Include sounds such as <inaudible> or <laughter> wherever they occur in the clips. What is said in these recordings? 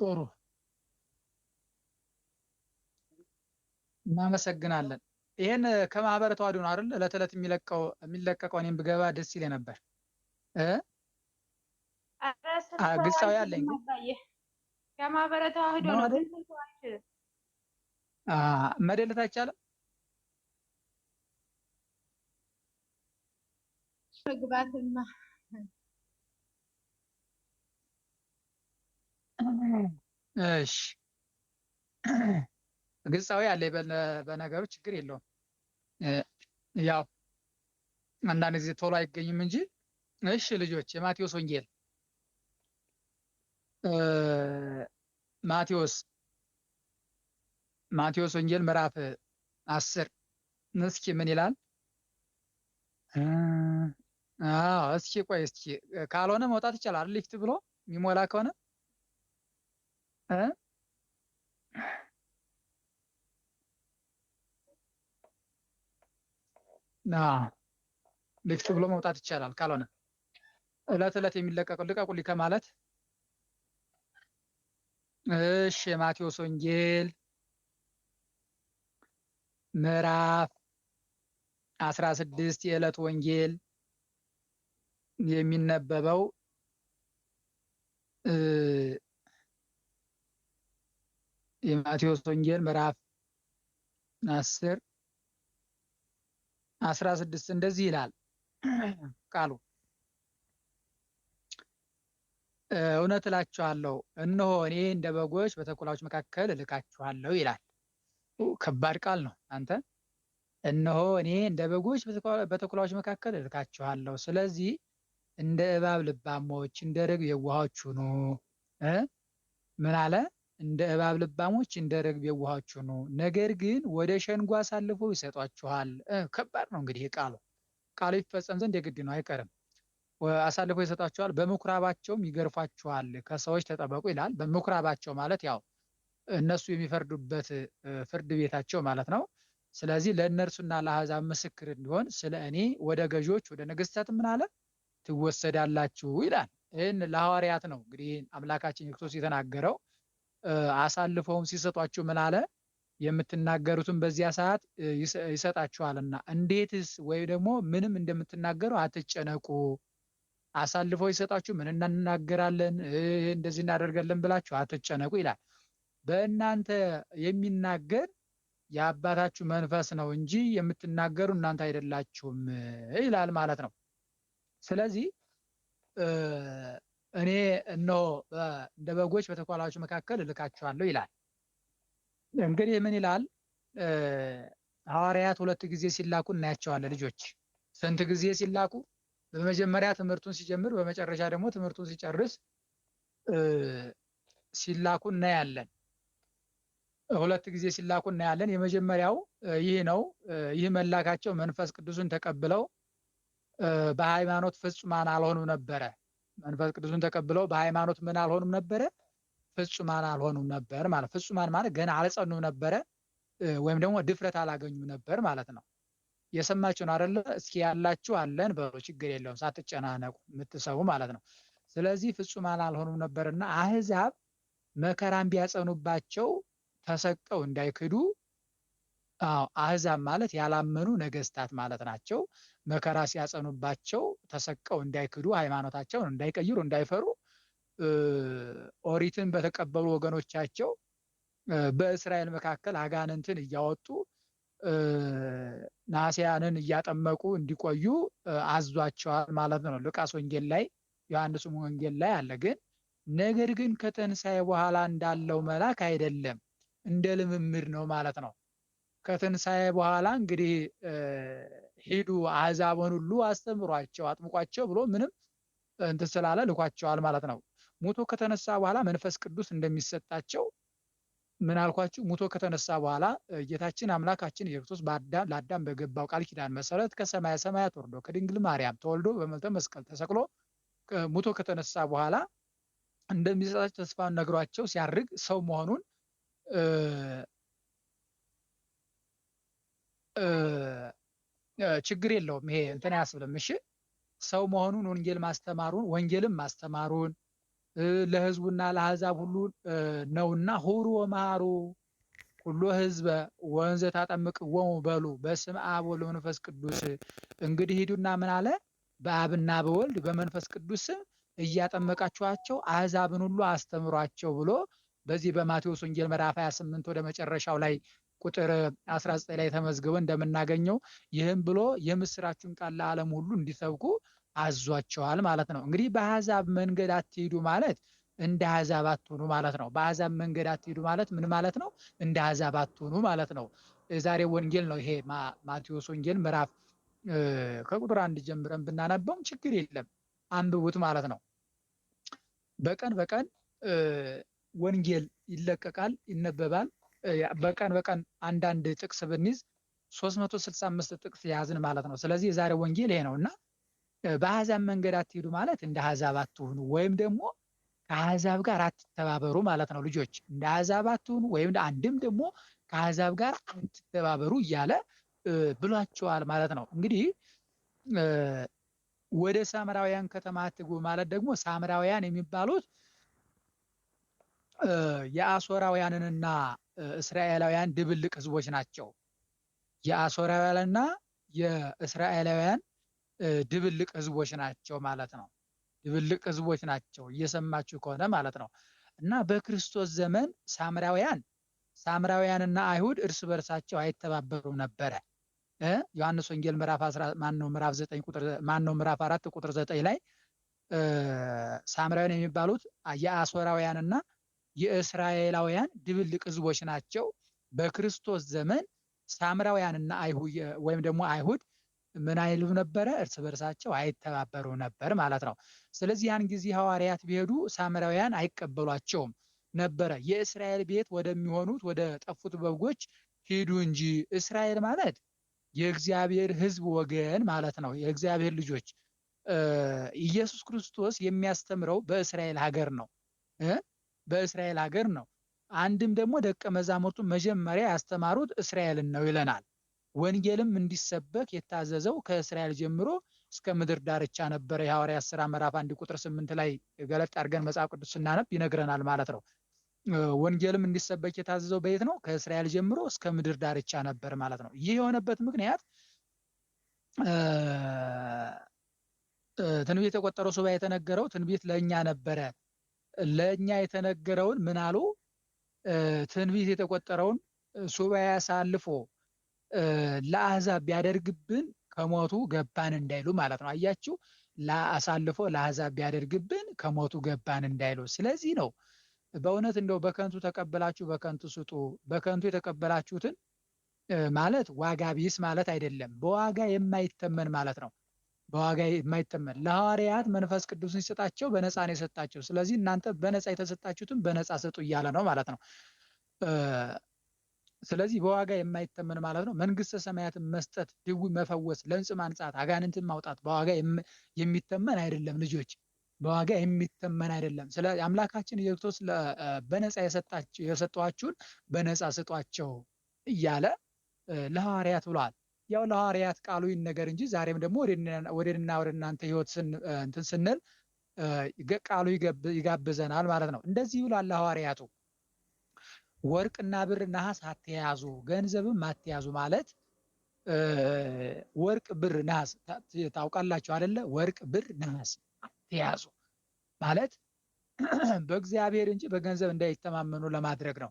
ጥሩ እናመሰግናለን። ይህን ከማህበረ ተዋሕዶ ነው አይደል? እለት እለት የሚለቀው የሚለቀቀው እኔም ብገባ ደስ ይለኝ ነበር። ግሳዊ አለኝ ከማህበረ ተዋሕዶ ነው መደለት አይቻልም። መግባትማ እሺ ግልጻዊ አለ በነገሩ ችግር የለውም። ያው አንዳንድ ጊዜ ቶሎ አይገኝም እንጂ እሺ ልጆች የማቴዎስ ወንጌል ማቴዎስ ማቴዎስ ወንጌል ምዕራፍ አስር እስኪ ምን ይላል? እስኪ ቆይ እስኪ ካልሆነ መውጣት ይቻላል። ሊፍት ብሎ የሚሞላ ከሆነ ሊፍት ብሎ መውጣት ይቻላል። ካልሆነ እለት እለት የሚለቀቀው ሊከ ከማለት እሺ። የማቴዎስ ወንጌል ምዕራፍ አስራ ስድስት የዕለት ወንጌል የሚነበበው የማቴዎስ ወንጌል ምዕራፍ አስር አስራ ስድስት እንደዚህ ይላል <clears throat> ቃሉ እውነት እላችኋለሁ እነሆ እኔ እንደ በጎች በተኩላዎች መካከል እልካችኋለሁ ይላል። ከባድ ቃል ነው። አንተ እነሆ እኔ እንደ በጎች በተኩላዎች መካከል እልካችኋለሁ። ስለዚህ እንደ እባብ ልባሞች፣ እንደ ርግብ የዋሆች ሁኑ። ምን አለ? እንደ እባብ ልባሞች እንደ ርግብ የዋሆች ሁኑ፣ ነገር ግን ወደ ሸንጎ አሳልፈው ይሰጧችኋል። ከባድ ነው እንግዲህ ቃሉ ቃሉ ይፈጸም ዘንድ የግድ ነው፣ አይቀርም። አሳልፈው ይሰጧችኋል፣ በምኩራባቸውም ይገርፏችኋል። ከሰዎች ተጠበቁ ይላል። በምኩራባቸው ማለት ያው እነሱ የሚፈርዱበት ፍርድ ቤታቸው ማለት ነው። ስለዚህ ለእነርሱና ለአሕዛብ ምስክር እንዲሆን ስለ እኔ ወደ ገዢዎች ወደ ነገስታት ምን አለ ትወሰዳላችሁ ይላል። ይህን ለሐዋርያት ነው እንግዲህ አምላካችን ክርስቶስ የተናገረው አሳልፈውም ሲሰጧችሁ ምን አለ? የምትናገሩትን በዚያ ሰዓት ይሰጣችኋልና እንዴትስ ወይ ደግሞ ምንም እንደምትናገሩ አትጨነቁ። አሳልፈው ይሰጣችሁ ምን እናናገራለን እንደዚህ እናደርጋለን ብላችሁ አትጨነቁ ይላል። በእናንተ የሚናገር የአባታችሁ መንፈስ ነው እንጂ የምትናገሩ እናንተ አይደላችሁም ይላል ማለት ነው። ስለዚህ እኔ እነሆ እንደ በጎች በተኳላችሁ መካከል እልካችኋለሁ ይላል። እንግዲህ ምን ይላል? ሐዋርያት ሁለት ጊዜ ሲላኩ እናያቸዋለን። ልጆች ስንት ጊዜ ሲላኩ? በመጀመሪያ ትምህርቱን ሲጀምር፣ በመጨረሻ ደግሞ ትምህርቱን ሲጨርስ ሲላኩ እናያለን። ሁለት ጊዜ ሲላኩ እናያለን። የመጀመሪያው ይህ ነው። ይህ መላካቸው መንፈስ ቅዱስን ተቀብለው በሃይማኖት ፍጹማን አልሆኑ ነበረ መንፈስ ቅዱስን ተቀብለው በሃይማኖት ምን አልሆኑም ነበረ? ፍጹማን አልሆኑም ነበር ማለት ፍጹማን ማለት ገና አልጸኑም ነበረ፣ ወይም ደግሞ ድፍረት አላገኙም ነበር ማለት ነው። የሰማችሁን አደለ? እስኪ ያላችሁ አለን በሉ፣ ችግር የለውም ሳትጨናነቁ የምትሰቡ ማለት ነው። ስለዚህ ፍጹማን አልሆኑም ነበርና አህዛብ መከራን ቢያጸኑባቸው ተሰቀው እንዳይክዱ አህዛብ ማለት ያላመኑ ነገስታት ማለት ናቸው። መከራ ሲያጸኑባቸው ተሰቀው እንዳይክዱ ሃይማኖታቸውን እንዳይቀይሩ እንዳይፈሩ ኦሪትን በተቀበሉ ወገኖቻቸው በእስራኤል መካከል አጋንንትን እያወጡ ናሲያንን እያጠመቁ እንዲቆዩ አዟቸዋል ማለት ነው። ሉቃስ ወንጌል ላይ ዮሐንስም ወንጌል ላይ አለ። ግን ነገር ግን ከተንሳኤ በኋላ እንዳለው መላክ አይደለም፣ እንደ ልምምድ ነው ማለት ነው። ከትንሣኤ በኋላ እንግዲህ ሂዱ አሕዛብን ሁሉ አስተምሯቸው አጥምቋቸው ብሎ ምንም እንትን ስላለ ልኳቸዋል ማለት ነው። ሙቶ ከተነሳ በኋላ መንፈስ ቅዱስ እንደሚሰጣቸው ምን አልኳችሁ? ሙቶ ከተነሳ በኋላ ጌታችን አምላካችን ኢየሱስ ለአዳም በገባው ቃል ኪዳን መሰረት ከሰማይ ሰማያት ወርዶ ከድንግል ማርያም ተወልዶ በመልተ መስቀል ተሰቅሎ ሙቶ ከተነሳ በኋላ እንደሚሰጣቸው ተስፋ ነግሯቸው ሲያርግ ሰው መሆኑን ችግር የለውም። ይሄ እንትን አያስብልም። እሺ ሰው መሆኑን ወንጌል ማስተማሩን ወንጌልም ማስተማሩን ለህዝቡና ለአሕዛብ ሁሉ ነውና ሁሩ ወመሃሩ ሁሉ ህዝበ ወንዘ ታጠምቅ ወሙ በሉ በስም አብ ወወልድ በመንፈስ ቅዱስ። እንግዲህ ሂዱና ምን አለ በአብና በወልድ በመንፈስ ቅዱስ እያጠመቃችኋቸው አሕዛብን ሁሉ አስተምሯቸው ብሎ በዚህ በማቴዎስ ወንጌል ምዕራፍ 28 ወደ መጨረሻው ላይ ቁጥር 19 ላይ ተመዝግበው እንደምናገኘው ይህም ብሎ የምስራችን ቃል ለዓለም ሁሉ እንዲሰብኩ አዟቸዋል ማለት ነው። እንግዲህ በአሕዛብ መንገድ አትሄዱ ማለት እንደ አሕዛብ አትሆኑ ማለት ነው። በአሕዛብ መንገድ አትሄዱ ማለት ምን ማለት ነው? እንደ አሕዛብ አትሆኑ ማለት ነው። ዛሬ ወንጌል ነው ይሄ ማቴዎስ ወንጌል ምዕራፍ ከቁጥር አንድ ጀምረን ብናነበውም ችግር የለም አንብቡት ማለት ነው። በቀን በቀን ወንጌል ይለቀቃል፣ ይነበባል። በቀን በቀን አንዳንድ ጥቅስ ብንይዝ 365 ጥቅስ የያዝን ማለት ነው። ስለዚህ የዛሬ ወንጌል ይሄ ነው እና በአሕዛብ መንገድ አትሄዱ ማለት እንደ አሕዛብ አትሁኑ ወይም ደግሞ ከአሕዛብ ጋር አትተባበሩ ማለት ነው። ልጆች እንደ አሕዛብ አትሁኑ ወይም አንድም ደግሞ ከአሕዛብ ጋር አትተባበሩ እያለ ብሏቸዋል ማለት ነው። እንግዲህ ወደ ሳምራውያን ከተማ አትግቡ ማለት ደግሞ ሳምራውያን የሚባሉት የአሶራውያንንና እስራኤላውያን ድብልቅ ህዝቦች ናቸው። የአሶራውያንና የእስራኤላውያን ድብልቅ ህዝቦች ናቸው ማለት ነው። ድብልቅ ህዝቦች ናቸው እየሰማችሁ ከሆነ ማለት ነው። እና በክርስቶስ ዘመን ሳምራውያን ሳምራውያንና አይሁድ እርስ በርሳቸው አይተባበሩም ነበረ። ዮሐንስ ወንጌል ምዕራፍ ማነው ምዕራፍ አራት ቁጥር ዘጠኝ 4 ላይ ሳምራውያን የሚባሉት የአሶራውያንና የእስራኤላውያን ድብልቅ ህዝቦች ናቸው። በክርስቶስ ዘመን ሳምራውያንና ወይም ደግሞ አይሁድ ምን አይሉ ነበረ? እርስ በርሳቸው አይተባበሩ ነበር ማለት ነው። ስለዚህ ያን ጊዜ ሐዋርያት ቢሄዱ ሳምራውያን አይቀበሏቸውም ነበረ። የእስራኤል ቤት ወደሚሆኑት ወደ ጠፉት በጎች ሂዱ እንጂ እስራኤል ማለት የእግዚአብሔር ህዝብ ወገን ማለት ነው። የእግዚአብሔር ልጆች ኢየሱስ ክርስቶስ የሚያስተምረው በእስራኤል ሀገር ነው። በእስራኤል ሀገር ነው። አንድም ደግሞ ደቀ መዛሙርቱ መጀመሪያ ያስተማሩት እስራኤልን ነው ይለናል። ወንጌልም እንዲሰበክ የታዘዘው ከእስራኤል ጀምሮ እስከ ምድር ዳርቻ ነበረ። የሐዋርያት ሥራ ምዕራፍ አንድ ቁጥር ስምንት ላይ ገለጥ አድርገን መጽሐፍ ቅዱስ ስናነብ ይነግረናል ማለት ነው። ወንጌልም እንዲሰበክ የታዘዘው በየት ነው? ከእስራኤል ጀምሮ እስከ ምድር ዳርቻ ነበር ማለት ነው። ይህ የሆነበት ምክንያት ትንቢት የተቆጠረው ሱባ የተነገረው ትንቢት ለእኛ ነበረ ለእኛ የተነገረውን ምን አሉ? ትንቢት የተቆጠረውን ሱባኤ አሳልፎ ለአህዛብ ቢያደርግብን ከሞቱ ገባን እንዳይሉ ማለት ነው። አያችሁ፣ አሳልፎ ለአህዛብ ቢያደርግብን ከሞቱ ገባን እንዳይሉ። ስለዚህ ነው በእውነት እንደው በከንቱ ተቀበላችሁ በከንቱ ስጡ። በከንቱ የተቀበላችሁትን ማለት ዋጋ ቢስ ማለት አይደለም፣ በዋጋ የማይተመን ማለት ነው። በዋጋ የማይተመን ለሐዋርያት መንፈስ ቅዱስን ሲሰጣቸው በነፃ ነው የሰጣቸው። ስለዚህ እናንተ በነፃ የተሰጣችሁትን በነፃ ሰጡ እያለ ነው ማለት ነው። ስለዚህ በዋጋ የማይተመን ማለት ነው። መንግስተ ሰማያትን መስጠት፣ ድዊ መፈወስ፣ ለምጽ ማንጻት፣ አጋንንትን ማውጣት በዋጋ የሚተመን አይደለም ልጆች፣ በዋጋ የሚተመን አይደለም። ስለ አምላካችን ኢየሱስ በነፃ የሰጠኋችሁን በነፃ ስጧቸው እያለ ለሐዋርያት ብሏል። ያው ለሐዋርያት ቃሉ ይነገር እንጂ ዛሬም ደግሞ ወደና ወደ እናንተ ህይወት እንትን ስንል ቃሉ ይጋብዘናል ማለት ነው። እንደዚህ ይላል ለሐዋርያቱ ወርቅና ብር ነሐስ አትያዙ፣ ገንዘብም አትያዙ ማለት ወርቅ ብር ነሐስ ታውቃላችሁ አይደለ? ወርቅ ብር ነሐስ አትያዙ ማለት <clears throat> በእግዚአብሔር እንጂ በገንዘብ እንዳይተማመኑ ለማድረግ ነው።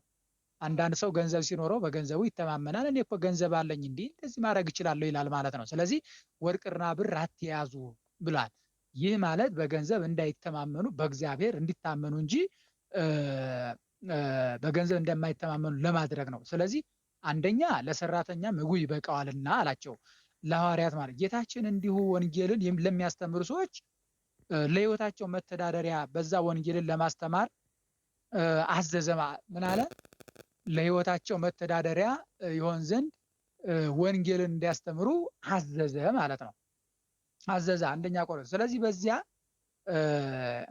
አንዳንድ ሰው ገንዘብ ሲኖረው በገንዘቡ ይተማመናል። እኔ እኮ ገንዘብ አለኝ እንዲህ እንደዚህ ማድረግ እችላለሁ ይላል ማለት ነው። ስለዚህ ወርቅና ብር አትያዙ ብሏል። ይህ ማለት በገንዘብ እንዳይተማመኑ በእግዚአብሔር እንዲታመኑ እንጂ በገንዘብ እንደማይተማመኑ ለማድረግ ነው። ስለዚህ አንደኛ ለሰራተኛ ምግቡ ይበቃዋልና አላቸው ለሐዋርያት ማለት ጌታችን እንዲሁ ወንጌልን ለሚያስተምሩ ሰዎች ለሕይወታቸው መተዳደሪያ በዛ ወንጌልን ለማስተማር አዘዘማ ምን አለ? ለህይወታቸው መተዳደሪያ ይሆን ዘንድ ወንጌልን እንዲያስተምሩ አዘዘ ማለት ነው። አዘዘ አንደኛ ቆሮንቶስ። ስለዚህ በዚያ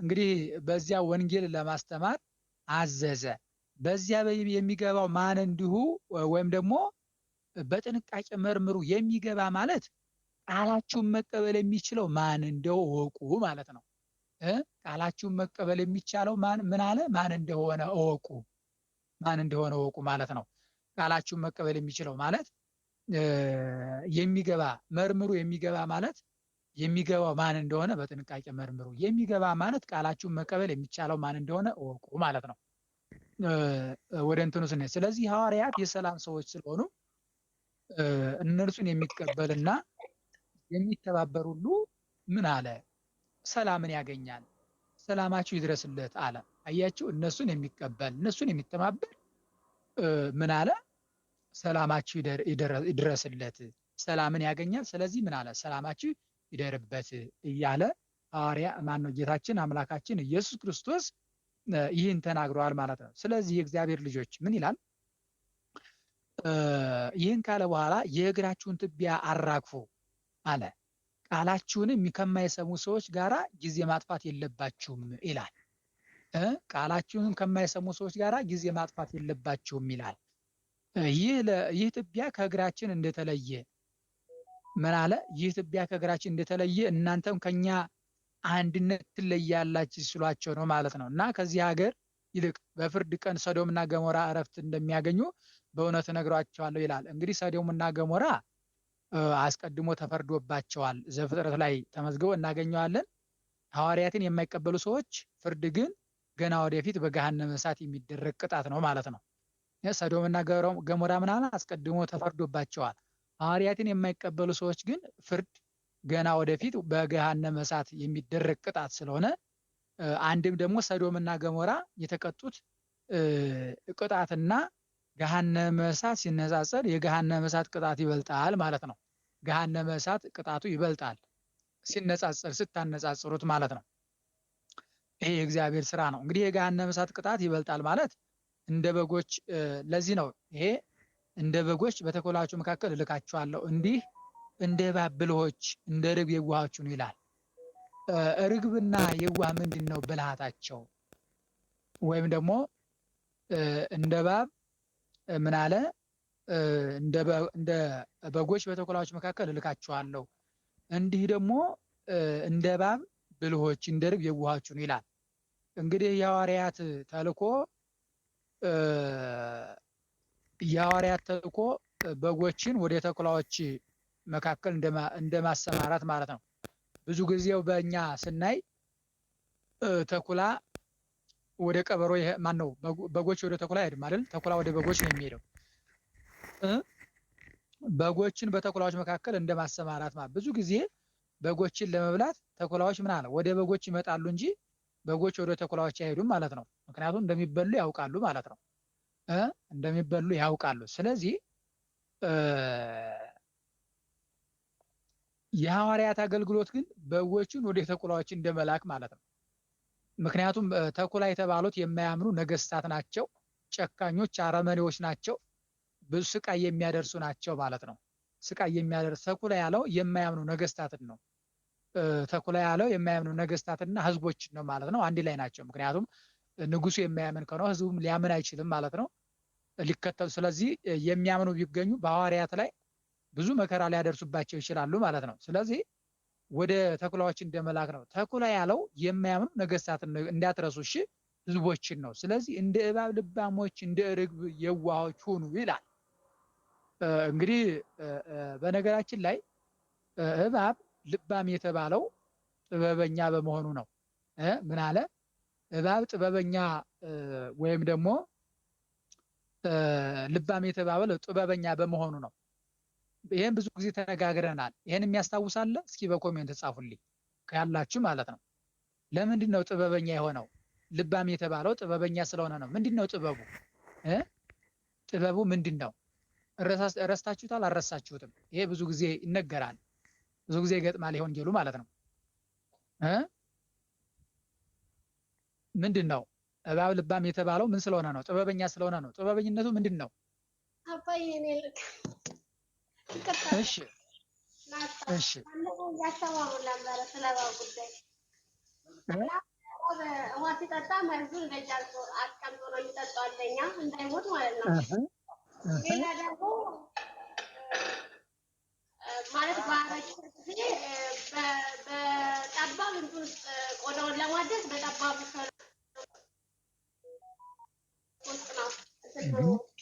እንግዲህ በዚያ ወንጌል ለማስተማር አዘዘ። በዚያ የሚገባው ማን እንዲሁ ወይም ደግሞ በጥንቃቄ መርምሩ። የሚገባ ማለት ቃላችሁን መቀበል የሚችለው ማን እንደው እወቁ ማለት ነው። ቃላችሁን መቀበል የሚቻለው ማን ምን አለ ማን እንደሆነ እወቁ ማን እንደሆነ ወቁ ማለት ነው። ቃላችሁን መቀበል የሚችለው ማለት የሚገባ መርምሩ። የሚገባ ማለት የሚገባው ማን እንደሆነ በጥንቃቄ መርምሩ። የሚገባ ማለት ቃላችሁን መቀበል የሚቻለው ማን እንደሆነ ወቁ ማለት ነው። ወደ እንትኑ ስነ ስለዚህ ሐዋርያት የሰላም ሰዎች ስለሆኑ እነርሱን የሚቀበልና የሚተባበር ሁሉ ምን አለ? ሰላምን ያገኛል። ሰላማችሁ ይድረስለት አለ። አያችሁ እነሱን የሚቀበል እነሱን የሚተማበል ምን አለ ሰላማችሁ ይድረስለት ሰላምን ያገኛል ስለዚህ ምን አለ ሰላማችሁ ይደርበት እያለ ሐዋርያ ማነው ጌታችን አምላካችን ኢየሱስ ክርስቶስ ይህን ተናግረዋል ማለት ነው ስለዚህ የእግዚአብሔር ልጆች ምን ይላል ይህን ካለ በኋላ የእግራችሁን ትቢያ አራግፎ አለ ቃላችሁንም ከማይሰሙ ሰዎች ጋራ ጊዜ ማጥፋት የለባችሁም ይላል ቃላችሁን ከማይሰሙ ሰዎች ጋር ጊዜ ማጥፋት የለባችሁም ይላል። ይህ ትቢያ ከእግራችን እንደተለየ ምን አለ? ይህ ትቢያ ከእግራችን እንደተለየ እናንተም ከኛ አንድነት ትለያላችሁ ሲሏቸው ነው ማለት ነው። እና ከዚህ ሀገር ይልቅ በፍርድ ቀን ሰዶምና ገሞራ እረፍት እንደሚያገኙ በእውነት እነግራቸዋለሁ ይላል። እንግዲህ ሰዶምና ገሞራ አስቀድሞ ተፈርዶባቸዋል። ዘፍጥረት ላይ ተመዝግበው እናገኘዋለን። ሐዋርያትን የማይቀበሉ ሰዎች ፍርድ ግን ገና ወደፊት በገሃነመ እሳት የሚደረግ ቅጣት ነው ማለት ነው። ሰዶምና ገሞራ ምናምን አስቀድሞ ተፈርዶባቸዋል። ሐዋርያትን የማይቀበሉ ሰዎች ግን ፍርድ ገና ወደፊት በገሃነመ እሳት የሚደረግ ቅጣት ስለሆነ አንድም ደግሞ ሰዶምና ገሞራ የተቀጡት ቅጣትና ገሃነመ እሳት ሲነጻጸር የገሃነመ እሳት ቅጣት ይበልጣል ማለት ነው። ገሃነመ እሳት ቅጣቱ ይበልጣል ሲነጻጸር ስታነጻጽሩት ማለት ነው። ይሄ የእግዚአብሔር ስራ ነው። እንግዲህ የገሃነመ እሳት ቅጣት ይበልጣል ማለት እንደ በጎች ለዚህ ነው ይሄ እንደ በጎች በተኮላችሁ መካከል እልካችኋለሁ እንዲህ እንደ ባብልሆች እንደ ርግብ የዋሃችሁ ነው ይላል። ርግብና የዋህ ምንድን ነው? ብልሃታቸው ወይም ደግሞ እንደ ባብ ምን አለ እንደ በጎች በተኩላዎች መካከል እልካችኋለሁ እንዲህ ደግሞ እንደ ባብ ብልሆች እንደርብ የዋሃችሁን ይላል። እንግዲህ የሐዋርያት ተልኮ የሐዋርያት ተልኮ በጎችን ወደ ተኩላዎች መካከል እንደማሰማራት ማለት ነው። ብዙ ጊዜው በእኛ ስናይ ተኩላ ወደ ቀበሮ ማን ነው? በጎች ወደ ተኩላ አይሄድም ማለት ተኩላ ወደ በጎች ነው የሚሄደው። በጎችን በተኩላዎች መካከል እንደማሰማራት ማለት ብዙ ጊዜ በጎችን ለመብላት ተኩላዎች ምን አለ ወደ በጎች ይመጣሉ እንጂ በጎች ወደ ተኩላዎች አይሄዱም ማለት ነው። ምክንያቱም እንደሚበሉ ያውቃሉ ማለት ነው። እንደሚበሉ ያውቃሉ። ስለዚህ የሐዋርያት አገልግሎት ግን በጎችን ወደ ተኩላዎች እንደመላክ ማለት ነው። ምክንያቱም ተኩላ የተባሉት የማያምኑ ነገስታት ናቸው፣ ጨካኞች አረመኔዎች ናቸው፣ ብዙ ስቃይ የሚያደርሱ ናቸው ማለት ነው። ስቃይ የሚያደርስ ተኩላ ያለው የማያምኑ ነገስታትን ነው። ተኩላ ያለው የማያምኑ ነገስታትና ህዝቦችን ነው ማለት ነው። አንድ ላይ ናቸው። ምክንያቱም ንጉሱ የማያምን ከሆነ ህዝቡም ሊያምን አይችልም ማለት ነው ሊከተሉ። ስለዚህ የሚያምኑ ቢገኙ በሐዋርያት ላይ ብዙ መከራ ሊያደርሱባቸው ይችላሉ ማለት ነው። ስለዚህ ወደ ተኩላዎች እንደመላክ ነው። ተኩላ ያለው የማያምኑ ነገስታትን ነው እንዳትረሱ እሺ፣ ህዝቦችን ነው። ስለዚህ እንደ እባብ ልባሞች፣ እንደ ርግብ የዋሆች ሁኑ ይላል። እንግዲህ በነገራችን ላይ እባብ ልባም የተባለው ጥበበኛ በመሆኑ ነው። ምን አለ እባብ ጥበበኛ ወይም ደግሞ ልባም የተባለው ጥበበኛ በመሆኑ ነው። ይህን ብዙ ጊዜ ተነጋግረናል። ይህን የሚያስታውሳለ እስኪ በኮሜንት ጻፉልኝ ካላችሁ ማለት ነው። ለምንድን ነው ጥበበኛ የሆነው? ልባም የተባለው ጥበበኛ ስለሆነ ነው። ምንድን ነው ጥበቡ? ጥበቡ ምንድን ነው? ረስታችሁታል አልረሳችሁትም። ይሄ ብዙ ጊዜ ይነገራል፣ ብዙ ጊዜ ይገጥማል። ይሄ ወንጌሉ ማለት ነው። ምንድን ነው እባብ ልባም የተባለው ምን ስለሆነ ነው? ጥበበኛ ስለሆነ ነው። ጥበበኝነቱ ምንድን ነው? እሺ እሺ ውሃ ሲጠጣ አስቀምጦ ነው የሚጠጣው፣ እንዳይሞት ማለት ነው ሌላ ደግሞ ማለት በጠባብ እንትን ውስጥ ቆዳውን ለማደስ በጠባብ ውስጥ ነው።